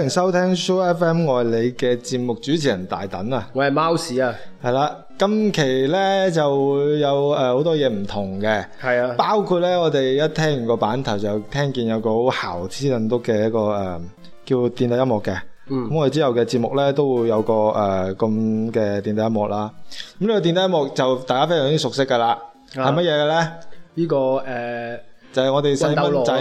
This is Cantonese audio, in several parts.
歡迎收聽 Show FM 我係你嘅節目，主持人大等啊！喂係貓屎啊！係啦、啊，今期咧就會有誒好、呃、多嘢唔同嘅，係啊，包括咧我哋一聽完個版頭就聽見有個好姣痴楞篤嘅一個誒、呃、叫電腦音樂嘅，嗯，咁我哋之後嘅節目咧都會有個誒咁嘅電腦音樂啦。咁呢個電腦音樂就大家非常之熟悉噶啦，係乜嘢嘅咧？呢、這個誒、呃、就係、是、我哋細蚊仔、啊。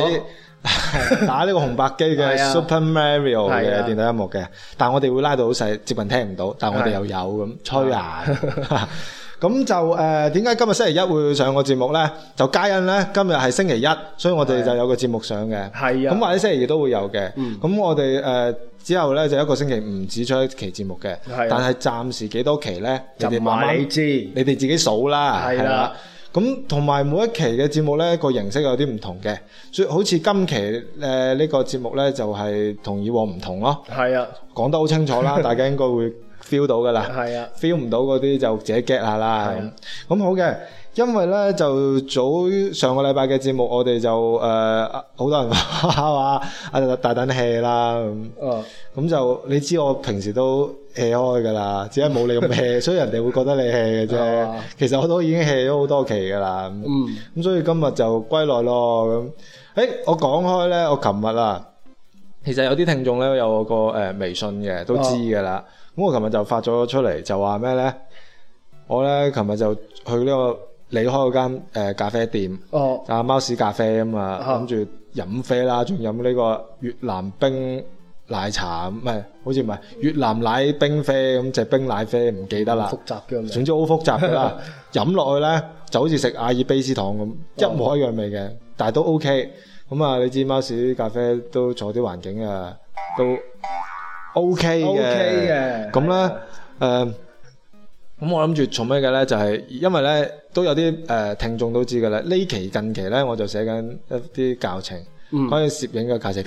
打呢個紅白機嘅 Super Mario 嘅電腦音樂嘅、啊啊，但係我哋會拉到好細，接近聽唔到，但係我哋又有咁吹啊！咁、啊、 就誒，點、呃、解今日星期一會上個節目呢？就皆因呢，今日係星期一，所以我哋就有個節目上嘅。係啊，咁或者星期二都會有嘅。咁、嗯、我哋誒、呃、之後呢，就一個星期唔止出一期節目嘅、啊，但係暫時幾多期呢？你哋知，你哋自己數啦。係啦、啊。咁同埋每一期嘅節目呢個形式有啲唔同嘅，所以好似今期誒呢個節目呢就係同以往唔同咯。係啊，講得好清楚啦， 大家應該會 feel 到噶啦。係啊，feel 唔到嗰啲就自己 get 下啦。咁、啊、好嘅。因為咧就早上個禮拜嘅節目我，我哋就誒好多人話啊，阿大等氣啦咁，咁、oh. 就你知我平時都氣開噶啦，只係冇你咁氣， 所以人哋會覺得你氣嘅啫。Oh. 其實我都已經氣咗好多期噶啦，咁、mm. 嗯、所以今日就歸來咯。咁誒，我講開咧，我琴日啦其實有啲聽眾咧有我個誒微信嘅都知噶啦，咁、oh. 我琴日就發咗出嚟，就話咩咧？我咧琴日就去呢、呢個。離開嗰間咖啡店，啊、哦、貓屎咖啡咁啊，諗住飲啡啦，仲飲呢個越南冰奶茶，唔係好似唔係越南奶冰啡咁，就係、冰奶啡，唔記得啦。複雜嘅。總之好複雜啦，飲 落去咧就好似食阿爾卑斯糖咁、哦，一模一樣味嘅，但係都 OK。咁啊，你知貓屎咖啡都坐啲環境啊，都 OK OK 嘅。咁咧誒，咁、呃、我諗住做咩嘅咧？就係、是、因為咧。都有啲誒、呃、聽眾都知㗎啦，呢期近期咧我就寫緊一啲教程、嗯，關於攝影嘅教程，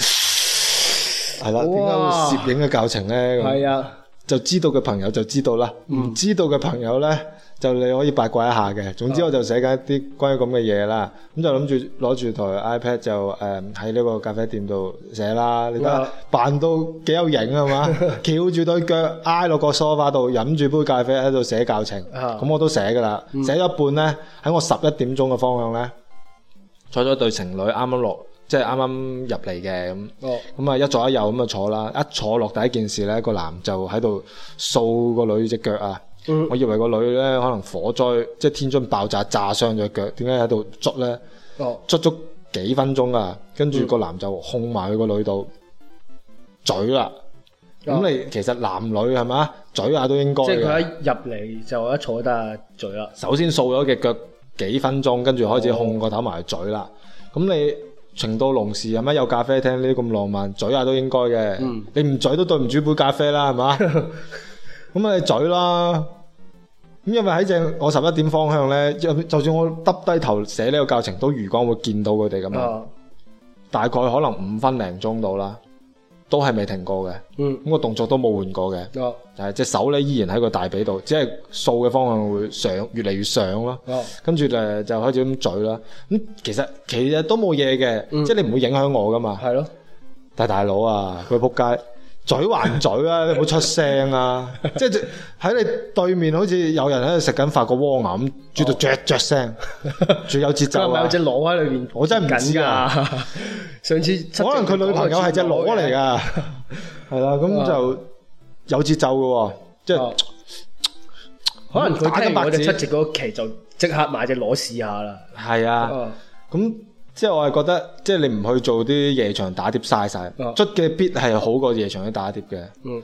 係啦，點解會攝影嘅教程咧？係啊，就知道嘅朋友就知道啦，唔、嗯、知道嘅朋友咧。就你可以八卦一下嘅，總之我就寫緊啲關於咁嘅嘢啦。咁就諗住攞住台 iPad 就誒喺呢個咖啡店度寫啦。你睇扮到幾有型啊嘛？翹住對腳挨落個梳化度飲住杯咖啡喺度寫教程。咁我都寫噶啦，寫一半咧，喺我十一點鐘嘅方向咧，坐咗對情侶啱啱落，即係啱啱入嚟嘅咁。咁啊一左一右咁啊坐啦，一坐落第一件事咧，個男就喺度掃個女隻腳啊！ 我以為個女咧可能火災，即係天津爆炸炸傷咗腳，點解喺度捉咧？哦、oh.，捉足幾分鐘啊，跟住個男就控埋佢個女度嘴啦。咁、oh. 你其實男女係嘛，嘴下都應該。即係佢一入嚟就一坐低嘴啦。首先掃咗隻腳幾分鐘，跟住開始控個頭埋嘴啦。咁、oh. 你情到濃時係咪有咖啡廳呢啲咁浪漫？嘴下都應該嘅。Mm. 你唔嘴都對唔住杯咖啡啦，係嘛？ 咁啊嘴啦，咁因為喺正我十一點方向咧，就算我耷低頭寫呢個教程，都餘光會見到佢哋咁樣、uh -huh. 大概可能五分零鐘到啦，都係未停過嘅。嗯，咁個動作都冇換過嘅。Uh -huh. 但係隻手咧依然喺個大髀度，只係掃嘅方向會上越嚟越上咯。Uh -huh. 跟住誒，就開始咁嘴啦。咁其實其實都冇嘢嘅，即係、uh -huh. 你唔會影響我噶嘛。係咯，但大佬啊，佢仆街。 嘴還嘴啊！你唔好出聲啊！即係喺你對面，好似有人喺度食緊法國蝸牛咁，煮到啄啄聲，最有節奏、啊。係咪有隻螺喺裏面著著，我真係唔知啊！上次可能佢女朋友係隻螺嚟噶，係啦，咁就有節奏噶，即係可能佢聽埋我哋七夕嗰期就即刻買隻螺試下啦。係啊，咁、嗯。嗯嗯嗯嗯嗯嗯.即係我係覺得，即係你唔去做啲夜場打碟嘥晒，捽嘅 beat 係好過夜場打碟嘅。嗯，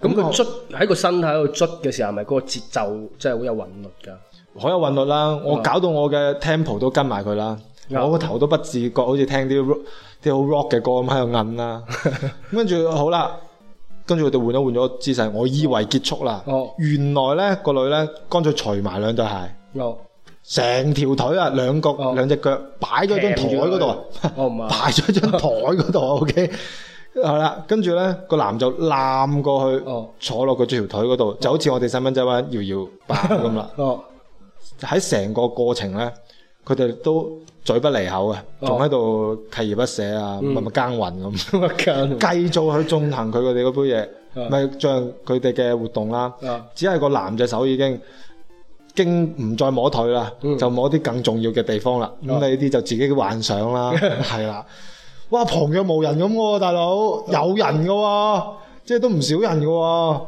咁佢捽喺個身體喺度捽嘅時候，係咪嗰個節奏真係好有韻律㗎？好有韻律啦、哦！我搞到我嘅 tempo 都跟埋佢啦，我個頭都不自覺，好似聽啲啲、啊、 好 rock 嘅歌咁喺度韻啦。跟住好啦，跟住佢哋換咗換咗姿勢，我以為結束啦、哦，原來咧個女咧乾脆除埋兩對鞋。哦。成條腿啊，兩腳兩隻腳擺咗喺張台嗰度，擺咗喺張台嗰度，OK，好 啦。跟住咧，個男就攬過去，哦、坐落佢條腿嗰度、哦，就好似我哋細蚊仔玩搖搖擺咁啦。喺成、哦哦、個過程咧，佢哋都嘴不離口嘅，仲喺度契而不捨啊，默、嗯、默耕耘咁，繼、嗯、續去 進行佢哋嗰杯嘢，咪將佢哋嘅活動啦、啊。只係個男隻手已經經唔再摸腿啦、嗯，就摸啲更重要嘅地方啦。咁你啲就自己嘅幻想啦，係 啦。哇，旁若無人咁喎、啊，大佬、嗯、有人嘅喎、啊，即係都唔少人嘅喎、啊。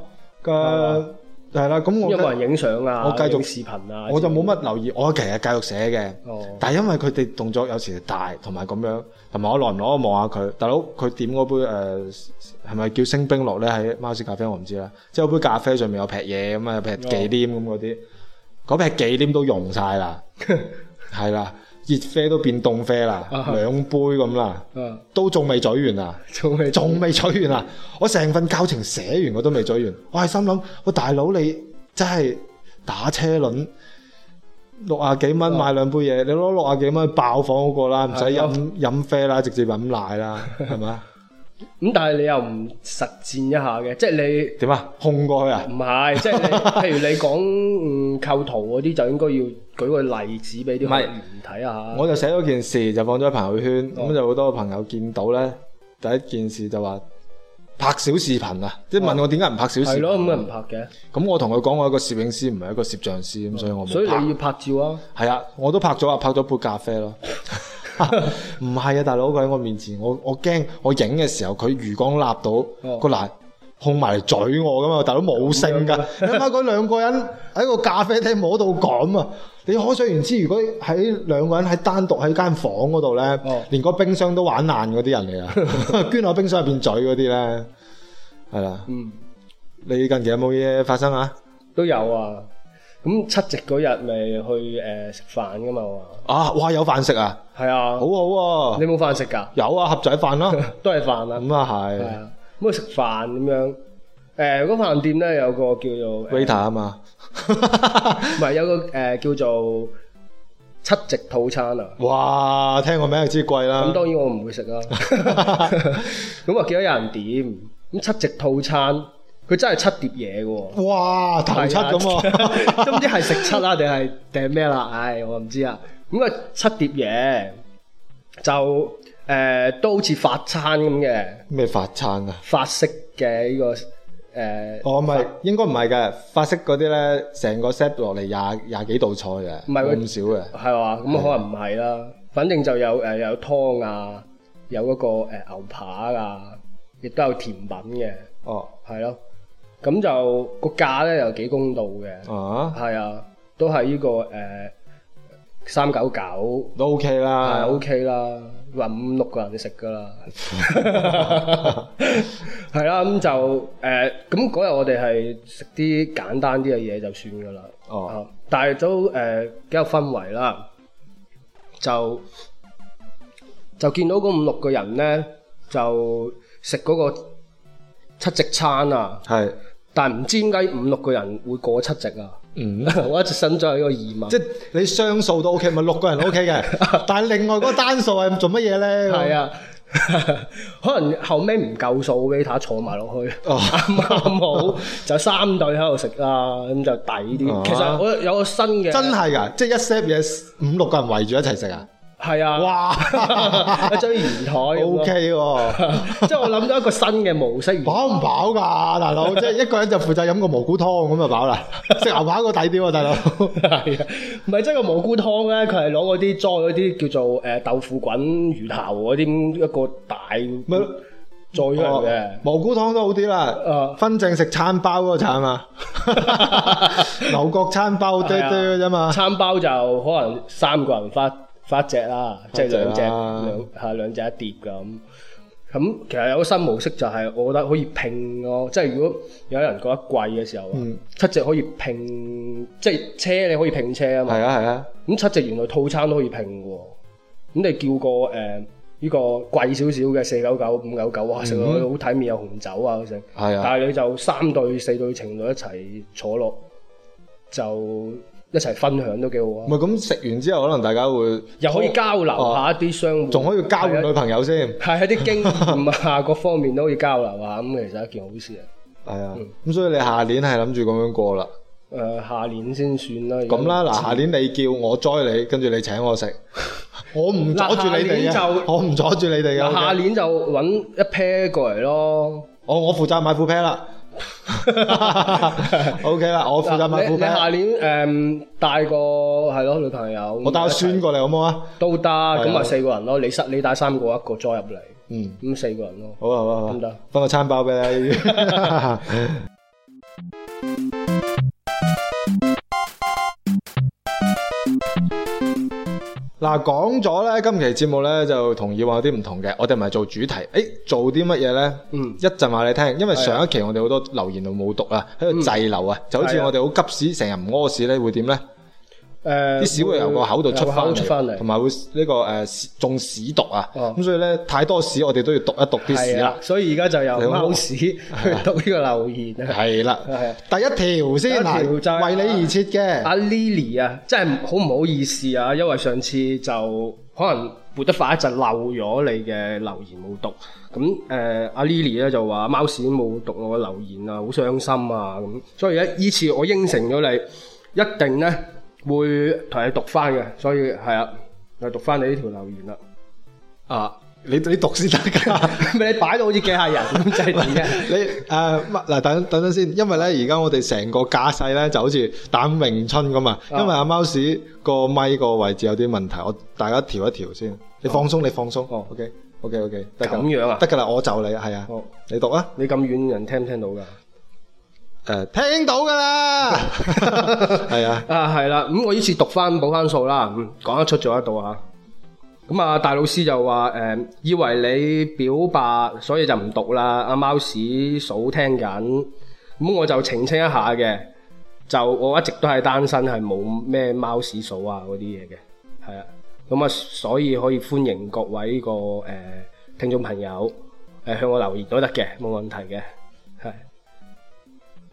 誒、嗯，係、啊、啦。咁我有冇人影相啊，我繼續視頻啊。我就冇乜留意、嗯，我其實繼續寫嘅、嗯。但係因為佢哋動作有時大，同埋咁樣，同埋我耐唔耐我望下佢。大佬佢點嗰杯誒係咪叫星冰樂咧？喺貓屎咖啡我唔知啦。即係杯咖啡上面有劈嘢咁啊，有劈忌廉咁嗰啲。嗯嗰杯忌廉都溶晒啦，係 啦，熱啡都變凍啡啦，兩 杯咁這啦， 都仲未咀完啊，仲未仲未咀完啊，完啊 我成份教程寫完我都未咀完，我係心諗，喂 大佬你真係打車輪六啊幾蚊買兩杯嘢， 你攞六啊幾蚊爆房嗰個啦，唔使飲飲啡啦，直接飲奶啦，係 咪？咁但係你又唔實戰一下嘅，即係你點啊？控過去啊？唔係， 即係譬如你講、嗯、構圖嗰啲就應該要舉個例子俾啲學員睇啊。我就寫咗件事就放咗喺朋友圈，咁、哦、就好多朋友見到咧，第一件事就話拍小視頻啊，哦、即係問我點解唔拍小視頻？係咯，咁咪唔拍嘅。咁、哦、我同佢講，我一個攝影師唔係一個攝像師，咁、嗯、所以我所以你要拍照啊？係啊，我都拍咗啊，拍咗杯咖啡咯。 唔 係啊，啊，大佬佢喺我面前，我我驚我影嘅時候佢魚缸立到，哦嗰個男控埋嚟嘴我噶嘛，大佬冇性噶， 你諗下嗰兩個人喺個咖啡廳摸到講啊，你可想而知如果喺兩個人喺單獨喺間房嗰度咧，連個冰箱都玩爛嗰啲人嚟啊，捐 落冰箱入邊嘴嗰啲咧，係啦，嗯，你近期有冇嘢發生啊？都有啊。咁七夕嗰日咪去食、呃、飯噶嘛我話？啊！哇！有飯食啊！係啊！好好喎、啊！你冇飯食噶？有啊，盒仔飯啦，都係飯啦。咁啊係。啊，咁、 啊嗯啊啊、去食飯咁樣。誒、呃，嗰飯店咧有個叫做 waiter 啊嘛，唔係、呃、 有個、呃、叫做七夕套餐啊。哇！聽個名就知貴啦。咁當然我唔會食啦、啊。咁啊幾有人點？咁七夕套餐。佢真係七碟嘢喎、哦，哇，大七咁啊！都唔知係食七啊，定係定咩啦？唉、哎，我唔知啊。咁、那個七碟嘢就誒、呃、都好似法餐咁嘅，咩法餐啊？法式嘅呢、這個誒、呃，哦唔係，應該唔係嘅法式嗰啲咧，成個 set 落嚟廿廿幾道菜嘅，唔係咁少嘅係話咁可能唔係啦是。反正就有誒、呃、有湯啊，有嗰、那個、呃、牛扒啊，亦都有甜品嘅哦，係咯。咁就個價咧又幾公道嘅，係啊，啊，都係呢、呢個誒三九九都、啊、OK 啦，OK 啦，話五六個人食噶啦，係啦咁就誒咁嗰日我哋係食啲簡單啲嘅嘢就算噶啦，哦、啊，但係都誒幾、呃、有氛圍啦，就就見到嗰五六個人咧就食嗰個七夕餐啊，係。但唔知點解五六個人會過七夕啊？嗯， 我一直想再有個二萬，即你雙數都 O K，咪六個人 O K 嘅。 但另外嗰個單數係做乜嘢呢？係啊， 可能後尾唔夠數俾他坐埋落去。哦，啱 啱好，哦、就三對喺度食啦，咁就抵啲，哦。其實我有個新嘅，真係㗎，即一 set 嘢五六個人圍住一齊食啊！嗯係啊！哇， 一張圓台，O K，即係我諗到一個新嘅模式。飽唔飽噶大佬？ 即係一個人就負責飲個蘑菇湯咁就飽啦。食 牛扒個抵啲啊，大佬。係啊，唔係即係個蘑菇湯咧，佢係攞嗰啲裝嗰啲叫做誒、呃、豆腐滾魚頭嗰啲一個大咪，裝出嚟嘅、啊。蘑菇湯都好啲啦、啊，分正食餐包嗰個慘啊！牛角餐包多啲嘅啫、啊、嘛，餐包就可能三個人分八隻啦、啊，即係、啊就是、兩隻，隻啊、兩嚇兩隻一碟咁。咁其實有一個新模式就係，我覺得可以拼咯、啊，即係如果有人覺得貴嘅時候、嗯，七隻可以拼，即係車你可以拼車啊嘛。係啊係啊。咁、嗯嗯嗯、七隻原來套餐都可以拼喎、啊。咁你叫個誒呢個貴少少嘅四九九五九九啊，食落好體面有紅酒啊，食、嗯。係啊。但係你就三對四對情侶一齊坐落就。一齊分享都幾好啊！唔係咁食完之後，可能大家會又可以交流下啲商互，仲、啊、可以交換女朋友先，係喺啲經驗啊各方面都可以交流下，咁其實一件好事啊！係、哎、啊！咁、嗯、所以你下年係諗住咁樣過啦？誒、呃，下年先算啦！咁啦，嗱，下年你叫我栽你，跟住你請我食 ，我唔阻住你哋呀。我唔阻住你哋呀。下年就揾一 pair 過嚟咯。哦，我負責買副 pair 啦。O K 啦，我負責你，你下年誒帶、嗯、個係咯女朋友，我帶我孫過嚟好唔好啊？都得，咁咪四個人咯。你帶你帶三個，一個再入嚟，嗯，咁四個人咯。好啊好啊，得，分個餐包俾你。 嗱，講咗呢，今期節目呢就同以往有啲唔同嘅，我哋唔係做主題，誒做啲乜嘢呢？嗯，一陣話你聽，因為上一期我哋好多留言度冇讀啊，喺度滯留啊，就好似我哋好急屎，成日唔屙屎呢會點呢？誒、呃，啲屎會由、這個口度出翻出翻嚟，同埋會呢個誒中屎毒啊！咁、啊、所以咧太多屎，我哋都要讀一讀啲屎啦、啊。所以而家就由貓屎、嗯、去讀呢個留言、啊。係啦、啊啊啊，第一條先嚟，為你而設嘅阿 Lily 啊，真係好唔好意思啊！因為上次就可能撥得快一陣漏咗你嘅留言冇讀，咁誒阿、啊、Lily 咧就話貓屎冇讀我嘅留言啊，好傷心啊咁。所以咧依次我應承咗你，一定咧。會同你讀翻嘅，所以係啊，又讀翻你呢條留言啦。啊，你你讀先得㗎，唔 你擺到好似幾下人咁滯嘅？你嗱等等等先，因為咧而家我哋成個架勢咧就好似打詠春咁啊。因為阿貓屎個咪個位置有啲問題，我大家調一調先。你放鬆、哦，你放鬆。哦，OK，OK，OK，okay, okay, okay, 就咁樣啊？得㗎啦，我就你係啊、哦。你讀啊，你咁遠人聽唔聽到㗎？誒、uh，聽到噶啦，係 是啊， 啊，啊係啦，咁我呢次讀翻補翻數啦，嗯，講得出就得到吓，咁啊，大老師就話誒、嗯，以為你表白，所以就唔讀啦，阿貓屎嫂聽緊，咁我就澄清一下嘅，就我一直都係單身屎屎屎，係冇咩貓屎嫂啊嗰啲嘢嘅，係啊，咁啊，所以可以歡迎各位、這個誒、呃、聽眾朋友，誒、呃、向我留言都得嘅，冇問題嘅。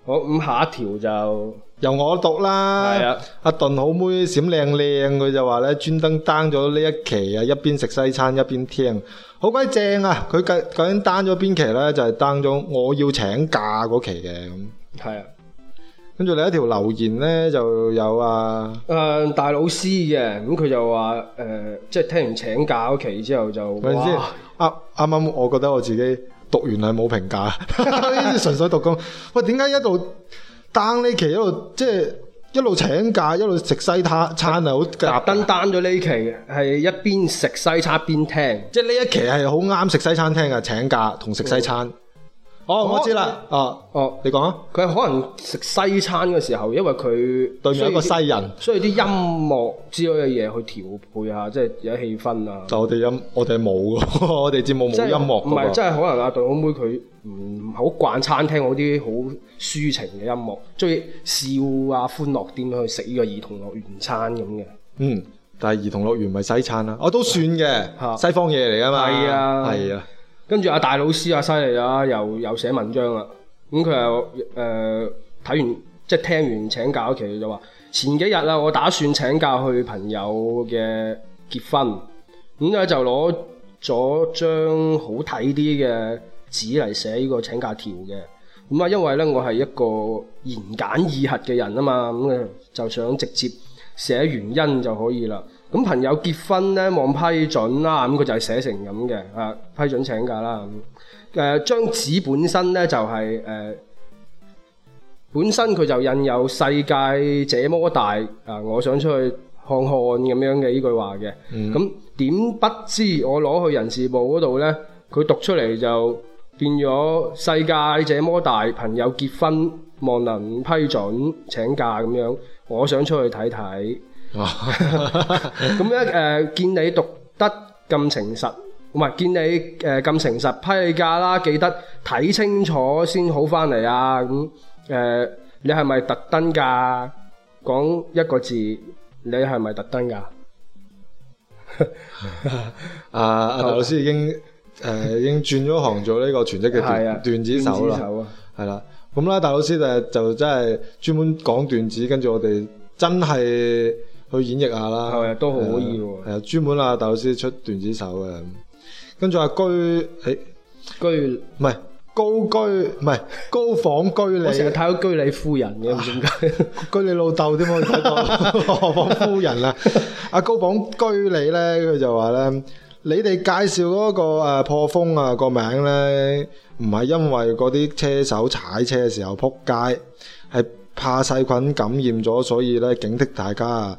好，咁下一條就由我讀啦。係啊，阿頓好妹閃靚靚，佢就話咧專登單咗呢一期啊，一邊食西餐一邊聽，好鬼正啊！佢究竟單咗邊期咧，就係單咗我要請假嗰期嘅咁。係啊，跟住另一條留言咧就有啊，誒、嗯、大老師嘅，咁佢就話誒，即、呃、係、就是、聽完請假嗰期之後就話啱啱我覺得我自己。讀完係冇評價， 純粹讀功。喂，點解一路 down 呢期一路即係一,一路請假，一路食西，西餐餐啊？好，特登 down 咗呢期，係一邊食西餐一邊聽，即係呢一期係好啱食西餐廳啊，請假同食西餐。嗯。哦，哦，我知啦，哦，哦，哦，你講啊，佢係可能食西餐嘅時候，因為佢對面一個西人，所以啲音樂之類嘅嘢去調配一下，即係有氣氛啊。但我哋音，我哋冇噶， 我哋節目冇音樂唔係，即係可能啊，隊好妹佢唔好慣餐廳嗰啲好抒情嘅音樂，中意笑啊，歡樂啲去食呢個兒童樂園餐咁嘅。嗯，但係兒童樂園咪西餐啦，啊，我、哦、都算嘅，啊，西方嘢嚟噶嘛。係啊，係啊。是啊跟住阿大老師啊，犀利啊又又寫文章啦。咁、嗯、佢又誒睇、呃、完即係聽完請假，其實就話前幾日啊我打算請假去朋友嘅結婚。咁、嗯、咧就攞咗張好睇啲嘅紙嚟寫呢個請假條嘅。咁、嗯、啊，因為咧我係一個言簡意賅嘅人啊嘛，咁、嗯、就想直接寫原因就可以啦。咁朋友結婚咧，望批准啦。咁、嗯、佢就係寫成咁嘅啊，批准請假啦。誒、嗯啊，張紙本身咧就係、是呃、本身佢就印有世界這麼大啊，我想出去看看咁樣嘅呢句話嘅。咁、嗯、點不知我攞去人事部嗰度咧，佢讀出嚟就變咗世界這麼大，朋友結婚望能批准請假咁樣，我想出去睇睇。哦，咁樣誒，見你讀得咁誠實，唔係見你誒咁誠實批價啦，記得睇清楚先好翻嚟啊！咁、嗯、誒、呃，你係咪特登噶？講一個字，你係咪特登噶？阿 阿、 啊、大老師已經誒、呃、已經轉咗行做呢個全職嘅段段子手啦，係 啦、啊，咁啦、啊，大老師誒就真係專門講段子，跟住我哋真係。去演繹下啦，係啊都可以喎。係啊，專門啊，豆師出段子手嘅。跟住啊居，哎居唔係高居唔係高榜居你，我成日睇到居里夫人嘅，點解居理老豆點可以睇到何況夫人啊？阿高榜居里咧，佢就話咧，你哋介紹嗰個誒破風啊個名咧，唔係因為嗰啲車手踩車嘅時候撲街，係怕細菌感染咗，所以咧警惕大家啊。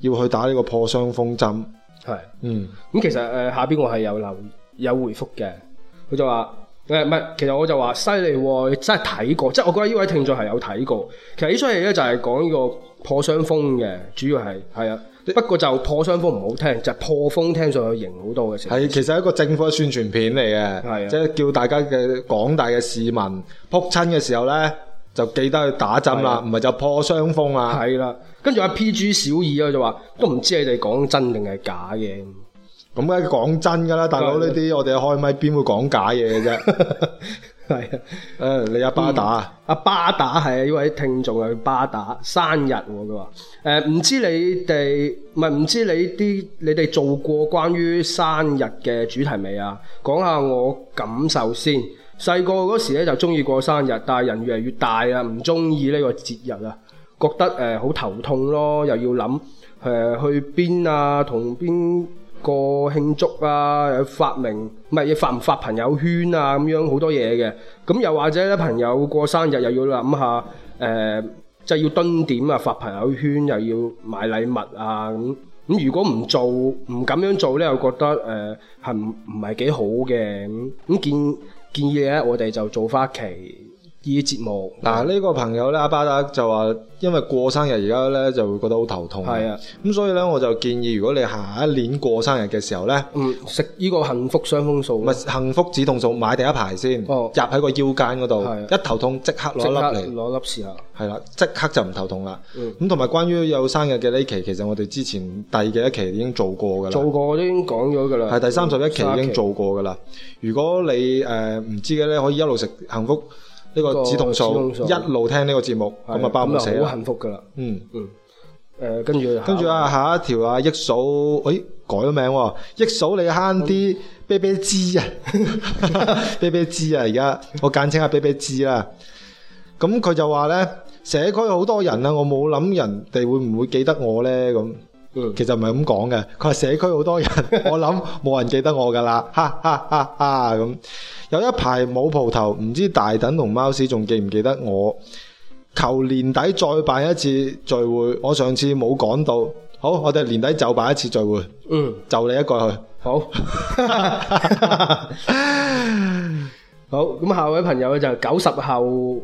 要去打呢個破傷風針，係嗯咁、嗯、其實誒、呃、下邊我係有留有回覆嘅，佢就話誒唔係，其實我就話犀利喎，真係睇過，即係我覺得呢位聽眾係有睇過。其實戲呢出戲咧就係、是、講呢個破傷風嘅，主要係係啊，不過就破傷風唔好聽，就是、破風聽上去型好多嘅時候。係，其實係一個政府嘅宣傳片嚟嘅，係、啊、即係叫大家嘅廣大嘅市民撲親嘅時候咧。就記得去打針啦，唔係、啊、就破傷風啊。係啦，跟住阿 P G 小二啊，就話都唔知你哋講真定係假嘅。咁梗係講真噶啦，大佬呢啲我哋開咪邊會講假嘢嘅啫。啊，你阿、嗯啊、巴，巴打，阿巴打係呢一位聽眾係巴打生日，佢話誒唔知你哋唔係唔知你啲你哋做過關於生日嘅主題未啊？講下我感受先。細個嗰時咧就中意過生日，但係人越嚟越大啊，唔中意呢個節日啊，覺得誒好、呃、頭痛咯，又要諗誒、呃、去邊啊，同邊個慶祝啊，發明唔係發唔發朋友圈啊，咁樣好多嘢嘅。咁又或者咧，朋友過生日又要諗下，誒、呃、係、即係、要蹲點啊，發朋友圈又要買禮物啊，咁咁如果唔做唔咁樣做咧，又覺得誒係唔唔係幾好嘅咁咁見。建議呢我哋就做翻一期。依啲節目嗱，呢、嗯啊這個朋友咧阿巴達就話，因為過生日而家咧就會覺得好頭痛。係啊，咁所以咧我就建議，如果你下一年過生日嘅時候咧，嗯，食呢個幸福傷風素唔係幸福止痛素，買第一排先，哦、入喺個腰間嗰度，一頭痛即刻攞粒嚟攞粒試下，係啦、啊，即刻就唔頭痛啦。咁同埋關於有生日嘅呢期，其實我哋之前第幾一期已經做過㗎啦，做過我都已經講咗㗎啦，係第三十一期已經做過㗎啦。如果你誒唔、呃、知嘅咧，可以一路食幸福。呢、這個止痛素，止痛素一路聽呢個節目，咁啊包唔死好幸福噶啦，嗯嗯，誒、嗯嗯、跟住跟住啊，下一條啊益嫂，誒、哎、改咗名喎、啊，益嫂你慳啲啤啤滋啊，啤啤滋啊，而家我簡稱下啤啤滋啦。咁佢就話咧，社區好多人啊，我冇諗人哋會唔會記得我咧咁。嗯、其實唔係咁講嘅，佢係社區好多人， 我諗冇人記得我噶啦，哈哈哈哈咁。有一排冇蒲頭，唔知大等同貓屎仲記唔記得我？求年底再辦一次聚會，我上次冇講到，好，我哋年底就辦一次聚會。嗯，就你一個去。好， 好，咁下位朋友就九十後嗰、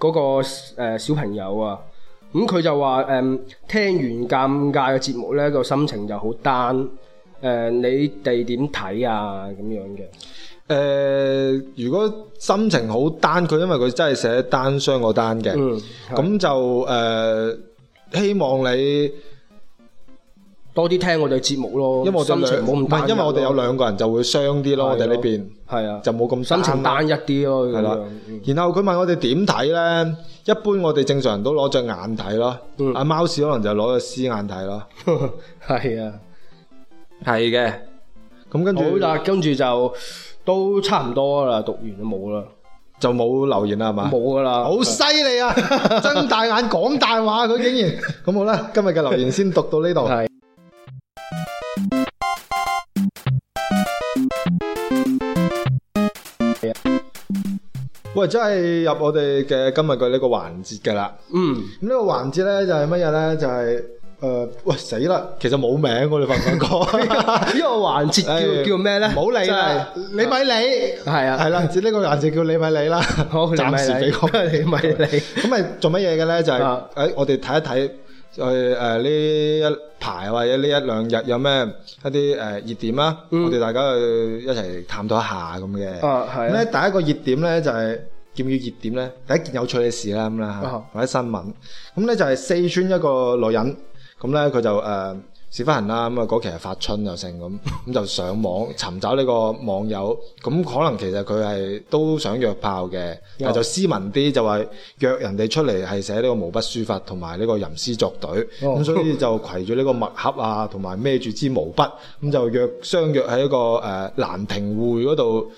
那個誒、呃、小朋友啊。咁、嗯、佢就話誒聽完尷尬嘅節目呢個心情就好單。誒，你哋點睇啊？咁樣嘅誒、呃，如果心情好單，佢因為佢真係寫單雙個單嘅，咁、嗯、就誒、呃、希望你。多啲聽我哋節目咯，心情冇咁單，因為我哋有兩個人就會傷啲咯，我哋呢邊係啊，就冇咁深情單一啲咯。係啦，然後佢問我哋點睇咧？一般我哋正常人都攞隻眼睇咯，阿貓屎可能就攞隻私眼睇咯。係啊，係嘅。咁跟住好啦，跟住就都差唔多啦，讀完都冇啦，就冇留言啦，係嘛？冇噶啦，好犀利啊！睜大眼講大話，佢竟然咁好啦。今日嘅留言先讀到呢度係。喂，真係入我哋嘅今日嘅呢個環節㗎啦。嗯，咁呢個環節咧就係乜嘢咧？就係、是、誒、就是呃，喂死啦，其實冇名我哋發覺。 個環節叫哎、叫呢個環節叫叫咩咧？冇理、就是、你咪理係啊，係啦，呢、這個環節叫你咪理啦。好，暫時俾講你咪理。咁咪 理 做乜嘢嘅咧？就係、是、誒、啊，我哋睇一睇。就係呢一排或者呢一兩日有咩一啲誒、熱點啊？我哋大家去一齊探討一下咁嘅。咁、嗯、咧、啊、第一個熱點咧就係見唔見熱點咧？第一件有趣嘅事啦，咁啦嚇，或者新聞。咁、啊、咧就係四川一個女人，咁咧佢就誒。呃小花人啦，咁啊嗰期係發春又成咁，咁就上網尋找呢個網友，咁可能其實佢係都想約炮嘅，uh -huh. 但就斯文啲，就話約人哋出嚟係寫呢個毛筆書法同埋呢個吟詩作對咁、uh -huh. 所以就攜住呢個墨盒啊，同埋孭住支毛筆，咁就約相約喺一個誒、呃、蘭亭會嗰度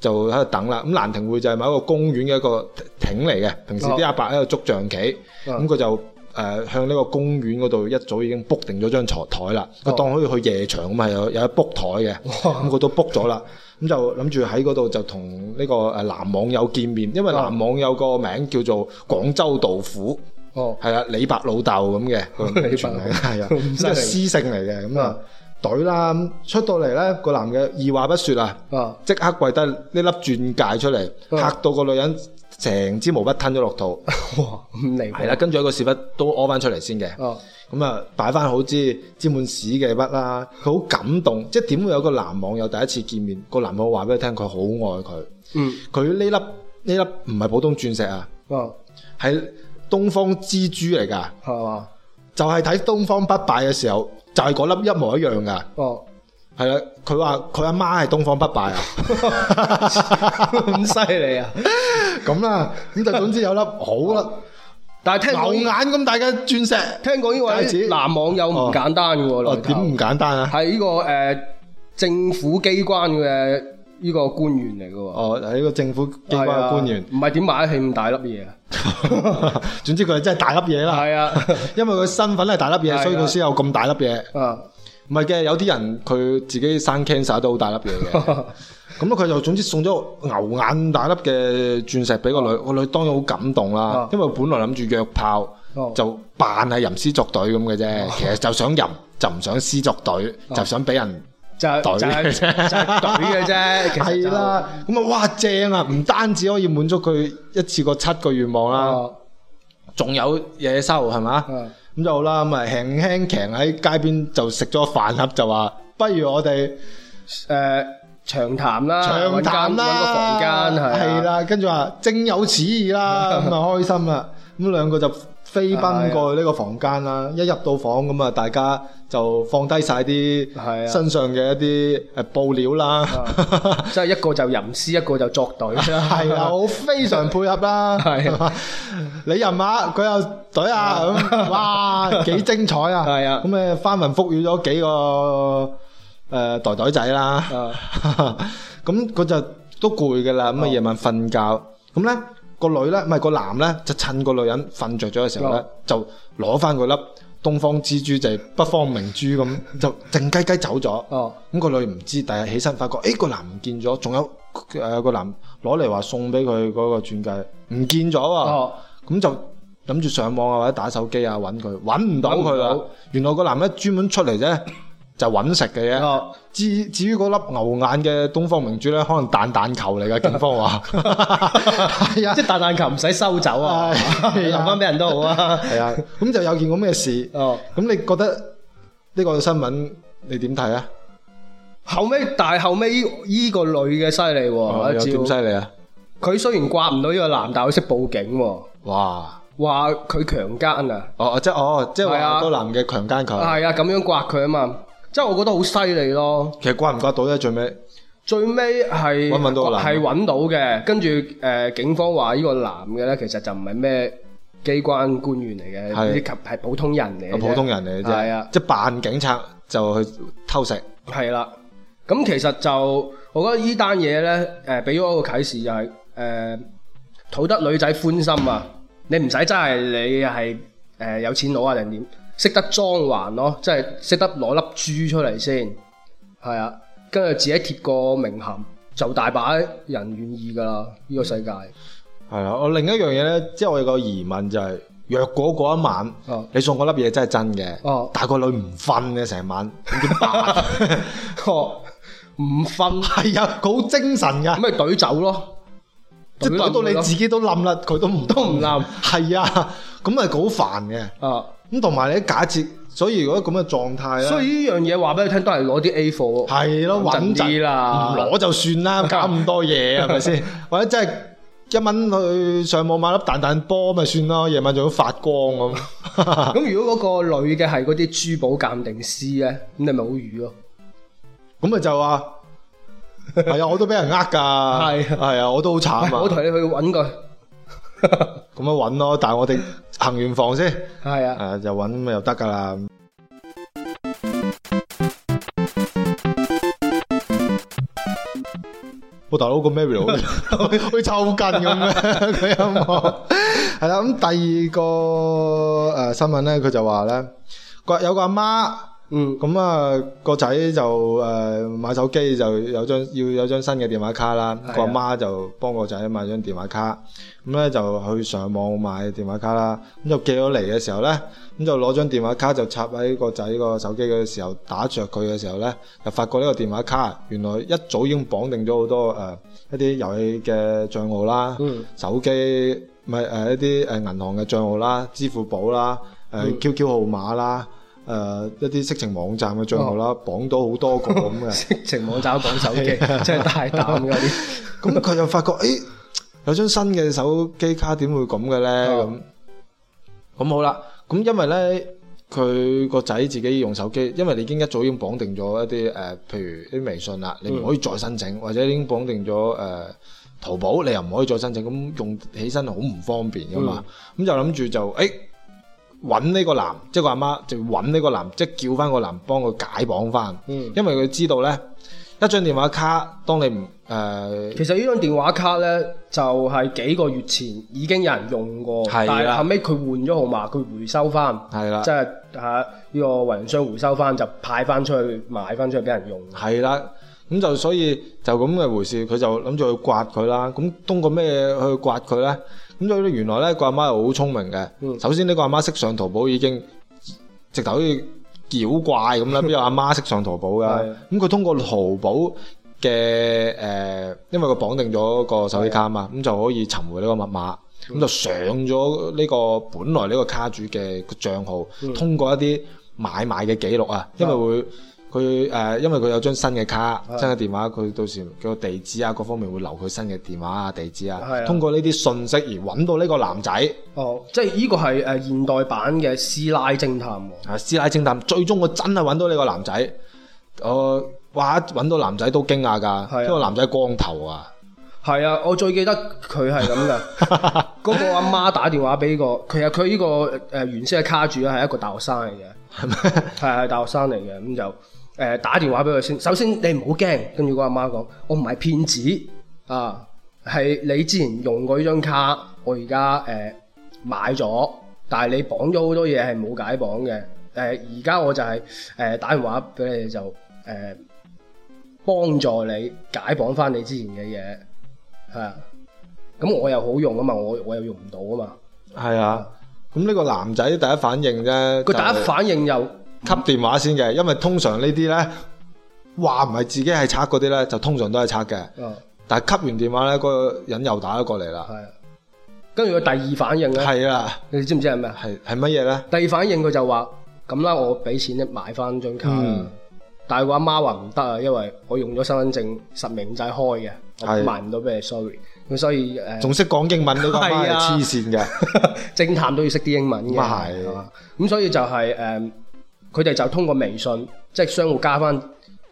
就喺度等啦。咁蘭亭會就係某一個公園嘅一個亭嚟嘅，平時啲、uh -huh. 阿伯喺度捉象棋，咁、uh、佢 -huh. 就。誒向呢個公園嗰度一早已經 b 定咗張台台啦，我、oh. 當可以去夜場咁嘛，有有 b o 台嘅，咁、oh. 佢都 b 咗啦，咁 就諗住喺嗰度就同呢個誒男網友見面，因為男網友個名叫做廣州杜甫，哦，係啊，李白老豆咁嘅，oh. 李白係啊，即係詩性嚟嘅，咁啊，隊 啦，對出到嚟咧個男嘅二話不說啊，即、oh. 刻跪低呢粒鑽戒出嚟，oh. 嚇到個女人。成支毛筆吞咗落肚， 哇，咁離譜啦，跟住、啊、一個屎筆都屙翻出嚟先嘅，咁啊擺翻好支沾滿屎嘅筆啦。佢好感動，即係點會有個男網友第一次見面，個男網友話俾佢聽，佢好愛佢。嗯，佢呢粒呢粒唔係普通鑽石啊，哦，係東方蜘蛛嚟㗎，係嘛？就係、是、睇東方不敗嘅時候，就係、是、嗰粒一模一樣㗎。哦。係啦，佢話佢阿媽係東方不敗啊，咁犀利啊，咁 啦，咁就總之有粒好啦、哦。但係聽講牛眼咁大嘅鑽石，聽講呢位男網友唔簡單嘅喎。哦，點、哦、唔簡單啊？係呢、這個誒、呃、政府機關嘅呢個官員嚟嘅、啊。哦，呢個政府機關嘅官員。唔係點買得起咁大粒嘢啊？ 總之佢真係大粒嘢啦。係啊， 因為佢身份係大粒嘢、啊，所以佢先有咁大粒嘢。嗯、啊。啊唔係嘅，有啲人佢自己生 cancer 都好大粒嘢嘅，咁 佢就總之送咗牛眼大粒嘅鑽石俾個女， 個女當然好感動啦。 因為本來諗住約炮， 就扮係吟詩作對咁嘅啫， 其實就想吟，就唔想詩作對， 就想俾人就就就對嘅啫。其實係啦，咁啊 就是、 哇正啊，唔單止可以滿足佢一次過七個願望啦，仲 有嘢收係嘛？ 咁就好啦，咁啊輕輕騎喺街邊就食咗飯盒就，就話不如我哋誒、呃、長談啦，長談啦，揾個房間係，係啦、啊啊，跟住話正有此意啦，咁 啊開心啦，咁兩個就。飛奔過去呢個房間啦，一入到房咁啊，大家就放低曬啲身上嘅一啲誒布料啦，即係一個就吟詩，一個就作隊啦。係啊，我非常配合啦。係啊，你吟啊，佢又隊啊，咁哇幾精彩啊！係啊，咁誒翻雲覆雨咗幾個誒袋袋仔啦。咁佢就都攰噶啦，咁啊夜晚瞓覺咁咧。個女呢，唔係，個男呢，就趁個女人瞓着咗嘅時候呢，oh. 就攞翻佢粒東方之珠，就係、是、北方明珠咁，就靜雞雞走咗。哦，咁個女唔知，第二日起身發覺，誒、欸呃、個男唔見咗、哦，仲有誒個男攞嚟話送俾佢嗰個鑽戒唔見咗啊，咁就諗住上網啊或者打手機啊揾佢，揾唔到佢啦。原來個男呢，專門出嚟啫。就揾食嘅嘢。至至於嗰粒牛眼嘅《東方明珠》咧，可能彈彈球嚟嘅。警方話， 即係彈彈球唔使收走啊，留翻俾人都好啊。係 是啊，咁 是、啊 啊、就有件咁嘅事。哦，咁你覺得呢個新聞你點睇啊？後尾但係後尾依個女嘅犀利喎，點犀利啊？佢雖然刮唔到呢個男，但係佢識報警喎、啊。哇！話佢強姦啊？哦哦，即係哦，即係話個男嘅強姦佢。係啊，咁樣刮佢啊嘛～即係我覺得好犀利咯。其實刮唔刮到咧，最尾最尾係搵唔到男嘅，係搵到嘅。跟住誒，警方話呢個男嘅咧，其實就唔係咩機關官員嚟嘅，呢啲係普通人嚟嘅。普通人嚟啫，係啊，即係扮警察就去偷食。係啦，咁其實就我覺得這件事呢單嘢咧，誒、呃，俾我一個啟示就係、是，誒、呃，討得女仔歡心啊，你唔使真係你係誒、呃、有錢佬啊定點。識得裝環咯，即係識得攞粒珠出嚟先，係啊，跟住自己貼個名銜，就大把人願意噶啦。呢、這個世界係啊、嗯，我另一樣嘢咧，即係我有個疑問就係、是，若果嗰一晚，啊、你送嗰粒嘢真係真嘅、啊，但個女唔瞓嘅成晚，點唔瞓係啊，好、 哦、精神噶，咁咪懟走咯，即懟到你自己都冧啦，佢都唔都唔冧，係啊，咁咪好煩嘅。咁同埋咧，假設，所以如果咁嘅狀態咧，所以呢樣嘢話俾你聽，都係攞啲 A 貨，係咯，穩陣啦，攞就算啦， 搞咁多嘢係咪先？或者真係一蚊去上網買粒彈，彈彈波咪算咯，夜晚仲要發光咁。咁 如果嗰個女嘅係嗰啲珠寶鑑定師咧，咁你咪好魚咯。咁咪就話係啊，我都俾人呃㗎，係係啊，我都好慘啊，哎、我同你去揾佢，咁樣揾咯，但係我哋。行完房先，係啊，誒就揾咪又得噶啦。我大佬個 Marie，佢抽筋咁樣佢有冇，係啦。咁第二個誒新聞咧，佢就話咧，個有個阿媽。嗯，咁啊個仔就誒、呃、買手機就有張要有張新嘅電話卡啦，啊、個阿媽就幫個仔買張電話卡，咁咧就去上網買電話卡啦，咁就寄咗嚟嘅時候咧，咁就攞張電話卡就插喺個仔個手機嘅時候，打着佢嘅時候咧，就發覺呢個電話卡原來一早已經綁定咗好多誒、呃、一啲遊戲嘅賬號啦，嗯、手機咪誒一啲誒銀行嘅賬號啦，支付寶啦，誒、呃嗯、QQ 號碼啦。誒、呃、一啲色情網站嘅賬號啦，oh. 綁到好多個咁嘅 色情網站綁手機， 真係大膽嘅啲。咁佢又發覺，誒、 哎，有張新嘅手機卡，點會咁嘅咧？咁咁好啦，咁因為咧佢個仔自己用手機，因為你已經一早已經綁定咗一啲誒、呃，譬如啲微信啦，你唔可以再申請，mm. 或者已經綁定咗誒、呃、淘寶，你又唔可以再申請，咁用起身好唔方便噶嘛。咁、mm. 就諗住就誒。哎揾呢個男，即係個阿媽就揾呢個男，即係叫翻個男幫佢解綁翻、嗯，因為佢知道咧，一張電話卡，當你唔、呃、其實呢張電話卡咧就係、係、幾個月前已經有人用過，係啦但係後尾佢換咗號碼，佢回收翻，即係啊呢、這個運營商回收翻就派翻出去買翻出去俾人用。係啦，咁就所以就咁嘅回事，佢就諗住去刮佢啦。咁通過咩去刮佢咧？咁所以原來咧個阿媽係好聰明嘅、嗯，首先呢個阿媽識上淘寶已經直頭好似妖怪咁啦，邊 有阿媽識上淘寶㗎？咁佢、嗯、通過淘寶嘅誒、呃，因為佢綁定咗個手機卡啊嘛，咁、嗯、就可以尋回呢個密碼，咁、嗯嗯、就上咗呢個本來呢個卡主嘅個賬號、嗯，通過一啲買賣嘅記錄啊，因為會。佢誒、呃，因為佢有張新嘅卡，新嘅電話，佢到時嘅地址啊，各方面會留佢新嘅電話啊、地址啊。通過呢啲信息而揾到呢個男仔。哦，即係呢個係誒現代版嘅師奶偵探、啊。係師奶偵探，最終我真係揾到呢個男仔。我嘩揾到男仔都驚訝㗎，因為男仔光頭啊。係啊，我最記得佢係咁噶。嗰 個阿媽，媽打電話俾、呢個其實佢呢個誒原先嘅卡主啊係一個大學生嚟嘅，係咪？係大學生嚟嘅，咁就。誒，打電話俾佢先。首先你唔好驚，跟住嗰阿媽講，我唔係騙子啊，係你之前用過呢張卡，我而家誒買咗，但係你綁咗好多嘢，係冇解綁嘅。誒，而家我就係誒打電話俾你，就誒幫助你解綁翻，你之前嘅嘢，係啊。咁我又好用啊嘛，我我又用唔到啊嘛。係啊，咁呢個男仔第一反應啫，佢第一反應又。吸電話先嘅，因為通常呢啲咧話唔係自己係拆嗰啲咧，就通常都係拆嘅、嗯。但吸完電話咧，嗰、那個人又打咗過嚟啦。跟住佢第二反應咧係啊！你知唔知係咩？係乜嘢咧？第二反應佢就話：咁啦，我俾錢咧買翻張卡。嗯、但話我阿媽話唔得啊，因為我用咗身份證實名唔使開嘅、啊，我賣唔到俾你。sorry。咁所以誒，仲識講英文都好開黐線嘅。偵、啊啊、 探都要識啲英文嘅。咁咁、啊啊、所以就係、是呃佢哋就通過微信，即係相互加翻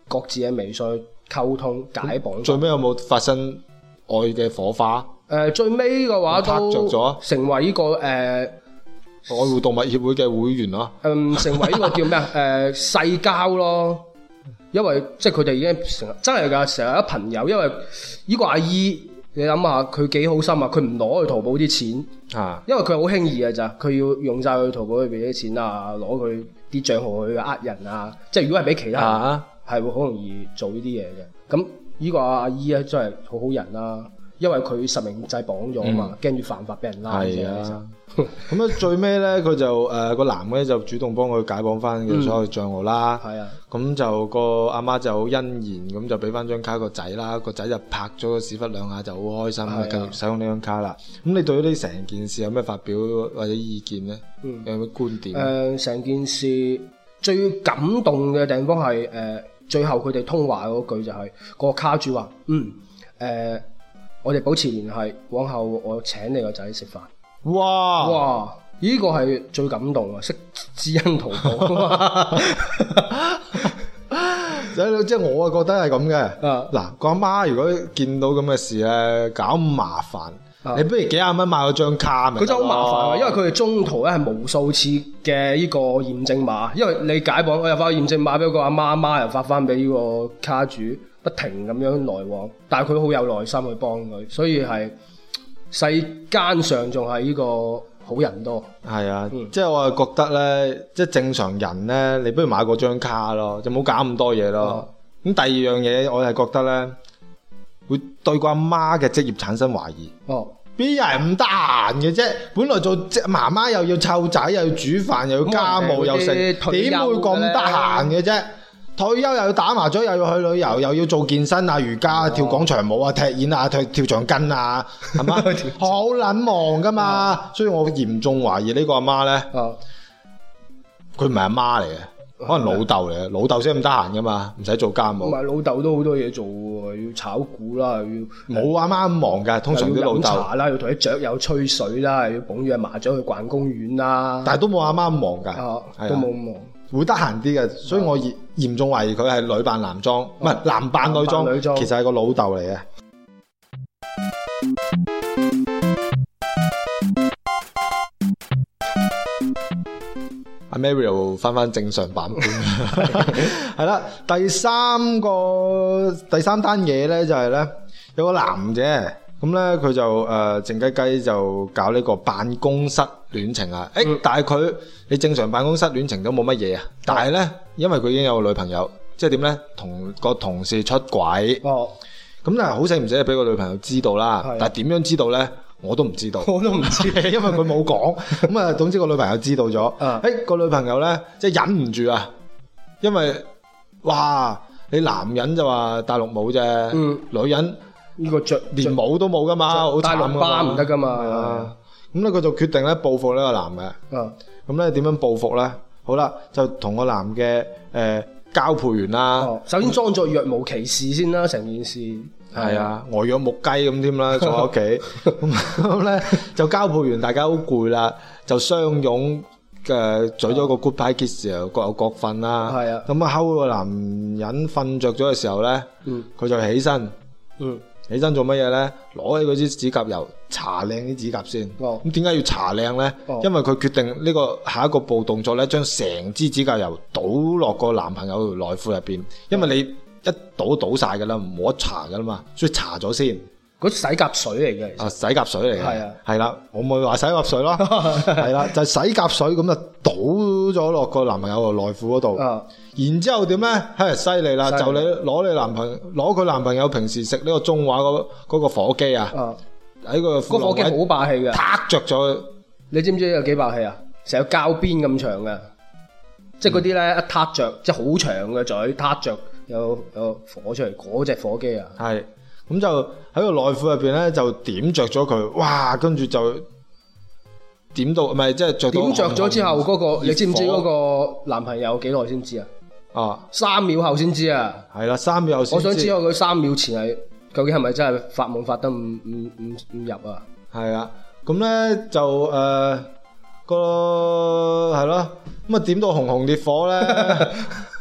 各自嘅微信去溝通解綁。最尾有冇發生愛嘅火花？誒、呃，最尾嘅話都成為呢、這個誒、呃、愛護動物協會嘅會員咯、啊、嗯、呃，成為呢個叫咩啊、 呃？世交咯，因為即係佢哋已經成真係㗎，成日一朋友。因為呢個阿姨，你諗下佢幾好心啊！佢唔攞去淘寶啲錢、啊、因為佢好輕易啊咋，佢要用晒去淘寶裏邊啲錢啊，攞佢。啲帳號去呃人啊，即係如果係俾其他人，係、啊、會好容易做呢啲嘢嘅。咁呢個阿姨咧、啊，真係好好人啦、啊。因為佢實名制綁咗啊嘛，驚、嗯、住犯法俾人拉啫。咁咧、啊、 最尾咧，佢就誒個、呃、男咧就主動幫佢解綁翻嘅所有賬號啦。咁、啊、就、個阿媽就好欣然咁就俾翻張卡個仔啦，個仔就拍咗個屎忽兩下就好開心啦，繼、啊、續使用呢張卡啦。咁、啊、你對於呢成件事有咩發表或者意見咧、嗯？有咩觀點？誒、呃，成件事最感動嘅地方係誒、呃、最後佢哋通話嗰句就係、是個卡主話：嗯，誒、呃。我哋保持聯繫，往後我請你個仔食飯。哇哇，呢、呢個係最感動啊！識知恩圖報。仔 即係我啊覺得係咁嘅。嗱、啊，個阿媽，媽如果見到咁嘅事咧，搞咁麻煩、啊，你不如幾廿蚊買個張卡咪。佢真好麻煩，因為佢哋中途咧係無數次嘅呢個驗證碼，因為你解綁，我又發個驗證碼俾個阿媽，媽，阿媽又發翻俾呢個卡主。不停咁樣來往，但係佢好有耐心去幫佢，所以係世間上仲係呢個好人多。係啊，嗯、即係我係覺得呢，即係正常人呢，你不如買過張卡咯，就冇搞咁多嘢咯。咁、哦、第二樣嘢，我係覺得呢，會對個阿媽嘅職業產生懷疑。哦，邊有人唔得閒嘅啫？本來做媽媽又要湊仔，又要煮飯，又要家務，又食，點會咁得閒嘅啫？啊退休又要打麻雀，又要去旅遊，又要做健身啊、瑜伽、哦、跳廣場舞啊、踢毽啊、跳長 跳橡筋啊，係嘛？好捻忙噶嘛！所以我嚴重懷疑個媽媽呢個阿媽咧，佢唔係阿媽嚟嘅，可能老豆嚟嘅，老豆先咁得閒噶嘛，唔使做家務。唔係老豆都好多嘢做，要炒股啦，要冇阿媽咁忙噶，通常啲老豆。要茶啦，要同啲雀友吹水啦，要捧住阿麻雀去逛公園啦，但係都冇阿媽咁忙噶、啊啊，都冇咁忙。會得閒啲嘅，所以我嚴嚴重懷疑佢係女扮男裝，唔、哦、係男，男扮女裝，其實係個老豆嚟嘅。阿 Marry 翻翻正常版本，係 啦。 第三個第三單嘢咧就係、是、咧，有個男嘅。咁呢，佢就誒、呃、靜雞雞就搞呢個辦公室戀情啊！誒、嗯，但係佢你正常辦公室戀情都冇乜嘢啊，但係呢，因為佢已經有個女朋友，即係點呢？同個同事出軌哦，咁但係好使唔使俾個女朋友知道啦。但係點樣知道呢？我都唔知道，我都唔知， 因為佢冇講。咁啊，總之個女朋友知道咗，誒、嗯、個、欸、女朋友呢，即係忍唔住啊，因為哇，你男人就話大陸冇啫、嗯，女人。呢、這個著連帽都冇噶嘛，戴帽巴唔得噶嘛。咁咧佢就決定咧報、嗯、報復呢個男嘅。咁咧點樣報復咧？好啦，就同個男嘅誒交配完啦。首先裝作若無其事先啦，成件事。係、嗯、啊，呆、呃、咗木雞咁添啦，坐喺屋企咁咧就交配完，大家好攰啦，就相擁嘅咀咗個 goodbye kiss 啊，各有各瞓啦係啊，咁啊睺個男人瞓着咗嘅時候咧，佢就起身，嗯。你起身做乜嘢咧？攞起嗰支指甲油，搽靚啲指甲先。哦，咁點解要搽靚咧？因為佢決定呢個下一個步動作咧，將成支指甲油倒落個男朋友內褲入邊。因為你一倒倒晒㗎啦，冇得搽㗎啦嘛，所以搽咗先。嗰洗甲水嚟嘅，啊，洗甲水嚟嘅，係啊，係啦、啊嗯，我咪話洗甲水咯，係 啦、啊，就是、洗甲水咁就倒咗落個男朋友嘅內褲嗰度，然之後點咧？嘿、哎，犀利啦，就你攞你男朋友，攞佢男朋友平時食呢個中華嗰、那個火機啊，啊，喺個，個火機好霸氣嘅，撻着咗，你知唔知有幾霸氣啊？成有膠邊咁長嘅、嗯，即係嗰啲咧一撻着，即係好長嘅嘴撻着，有有火出嚟，嗰隻火機啊，係。咁就喺個內褲入邊咧，就點着咗佢，哇！跟住就點到，唔係即係着、嗰個、點着咗之後、嗰個，嗰個你知唔知嗰個男朋友幾耐先知啊？啊，三秒後先知啊！係啦，三秒後先知，我想知道佢三秒前係究竟係咪真係發夢發得唔唔唔唔入啊？係啊，咁咧就誒、呃嗰個係咯，咁啊點到紅紅烈火咧。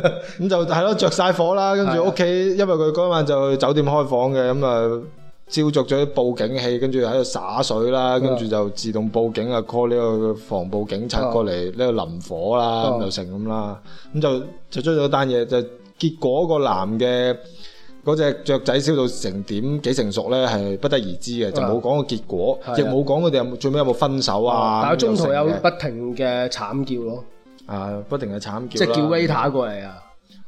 咁 就係咯，着晒火啦，跟住屋企，因為佢嗰晚就去酒店開房嘅，咁啊，照着咗啲報警器，跟住喺度灑水啦，跟住就自動報警啊，call 呢個防暴警察過嚟呢度淋火啦，咁就成咁啦，咁就就出咗單嘢，就結果個男嘅嗰隻雀仔燒到成點幾成熟咧，係不得而知嘅，就冇講個結果，亦冇講佢哋有，有，有最尾有冇分手啊，但中途有不停嘅慘叫咯。啊，不停嘅慘叫，即係叫 waiter 過嚟啊！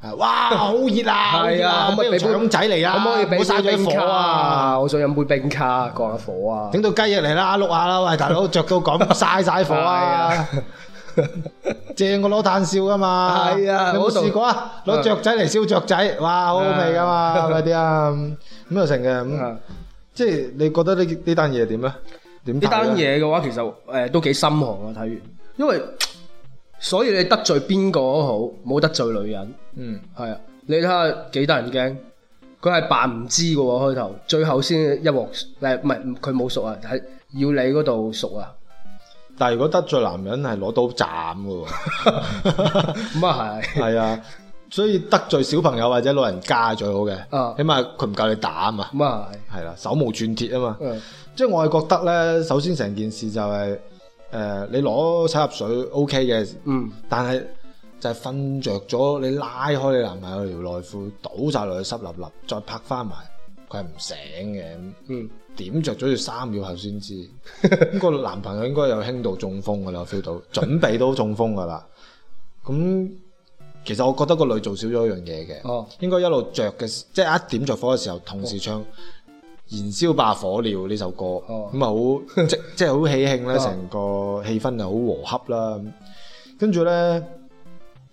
啊，哇，好熱啊！係啊，可唔可以俾杯飲仔嚟啊？可唔可以俾灑啲火啊？我想飲杯冰咖降下火啊！整到雞翼嚟啦，碌下啦！喂，大佬着到咁曬曬火啊！正我攞炭燒㗎嘛！係啊，你有冇試過攞雀仔嚟燒雀仔？哇，好好味㗎嘛！嗰啲啊，咁又成嘅咁，即係你覺得呢呢單嘢點咧？呢單嘢嘅話，其實誒都幾心寒啊！睇完，因為。所以你得罪邊個都好，冇得罪女人。嗯，係啊，你睇下幾得人驚，佢係扮唔知㗎喎，開頭，最後先一鑊誒，唔係佢冇熟啊，係要你嗰度熟啊。但係如果得罪男人係攞刀斬嘅，咁啊係，係啊，所以得罪小朋友或者老人家最好嘅，啊，起碼佢唔夠你打啊嘛。咁啊係，係啦，手無寸鐵啊嘛。嗯、即係我係覺得咧，首先成件事就係、是。誒、呃，你攞洗入水 O K 嘅，但係就係瞓着咗，你拉開你男朋友條內褲，倒晒落去濕立立，再拍翻埋，佢係唔醒嘅、嗯。點着咗要三秒後先知，個男朋友應該有輕度中風噶啦，feel 到，準備都中風噶啦。咁其實我覺得個女做少咗一樣嘢嘅，應該一路着嘅，即係一點着火嘅時候同時唱。哦。燃燒吧火鳥呢首歌咁啊好即即係好喜慶咧，成、 oh. 個氣氛就好和洽啦。跟住咧，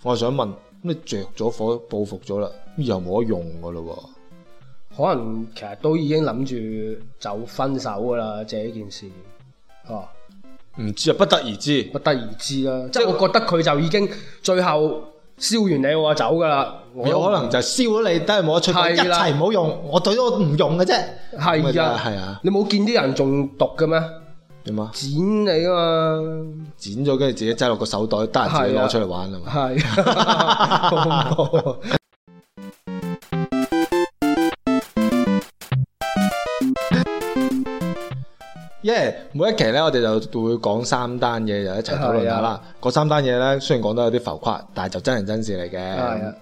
我想問，咩你着咗火報復咗啦，咁又冇得用噶咯？可能其實都已經諗住就分手噶啦，借呢件事哦，唔、oh. 知啊，不得而知，不得而知啦。即、就、係、是、我，我覺得佢就已經最後。燒完你我就走噶啦，有可能就燒咗你，等得出一係，唔好用，我對咗唔用嘅啫。係啊，係啊、就是，你冇見啲人仲毒嘅咩？點啊？剪你嘛？剪咗跟住自己揸落個手袋，得閒自己攞出嚟玩啊嘛？係。因、yeah, 為每一期咧，我哋就會講三單嘢，就一齊討論一下啦。嗰、啊、三單嘢咧，雖然講得有啲浮誇，但係就真人真事嚟嘅。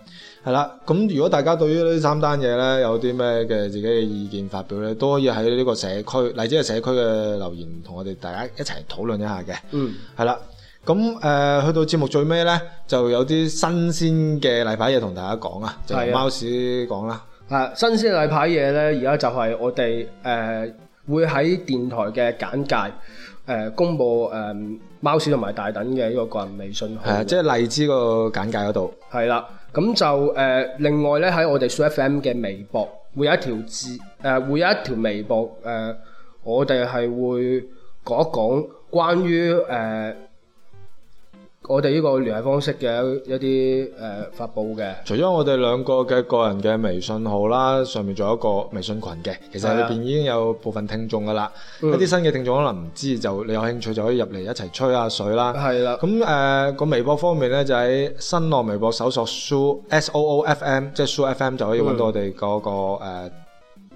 係啦、啊，咁、啊、如果大家對於三呢三單嘢咧有啲咩嘅自己嘅意見發表咧，都可以喺呢個社區，例如係社區嘅留言，同我哋大家一齊討論一下嘅。嗯，係啦、啊，咁誒、呃，去到節目最尾咧，就有啲新鮮嘅例牌嘢同大家講啊，就係貓屎講啦。啊，新鮮例牌嘢咧，而家就係我哋誒。呃會喺電台嘅簡介，呃、公佈誒貓屎同埋大等嘅一個個人微信號。係啊，即係荔枝個簡介嗰度。係啦，咁就誒、呃、另外咧喺我哋 SooFM 嘅微博會有一條字，誒、呃、會有一條微博，誒、呃、我哋係會講一講關於誒。呃我哋呢個聯繫方式嘅一啲誒、呃、發佈嘅，除咗我哋兩個嘅個人嘅微信號啦，上面仲有一個微信群嘅，其實裏面已經有部分聽眾噶啦，一啲新嘅聽眾可能唔知，就你有興趣就可以入嚟一齊吹下、啊、水啦。係啦，咁誒個微博方面咧，就喺新浪微博搜索 SooFM，即係 SooFM 就可以搵到我哋嗰、那個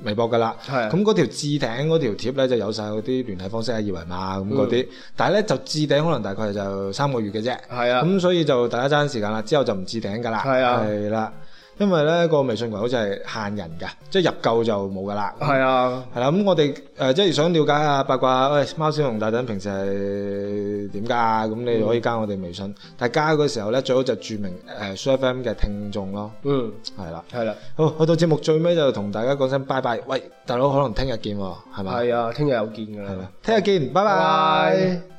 微博噶啦，咁嗰條置頂嗰條貼咧就有晒嗰啲聯繫方式啊、二維碼咁嗰啲，嗯、但係咧就置頂可能大概就三個月嘅啫，咁所以就大家爭時間啦，之後就唔置頂噶啦，係啦。因為咧個微信羣好似係限人㗎，即係入夠就冇㗎啦。係啊，係，係啦。咁我哋即係想了解下八卦，喂、哎，貓小龍大等平時係點㗎？咁你可以加我哋微信。嗯、但係加嘅時候咧，最好就註明 SooFM 嘅聽眾咯。嗯，係啦，係啦。好，去到節目最尾就同大家講聲拜拜。喂，大佬，可能聽日見喎，係咪？係啊，聽日有見㗎啦。係咪？聽日見，拜拜。拜拜。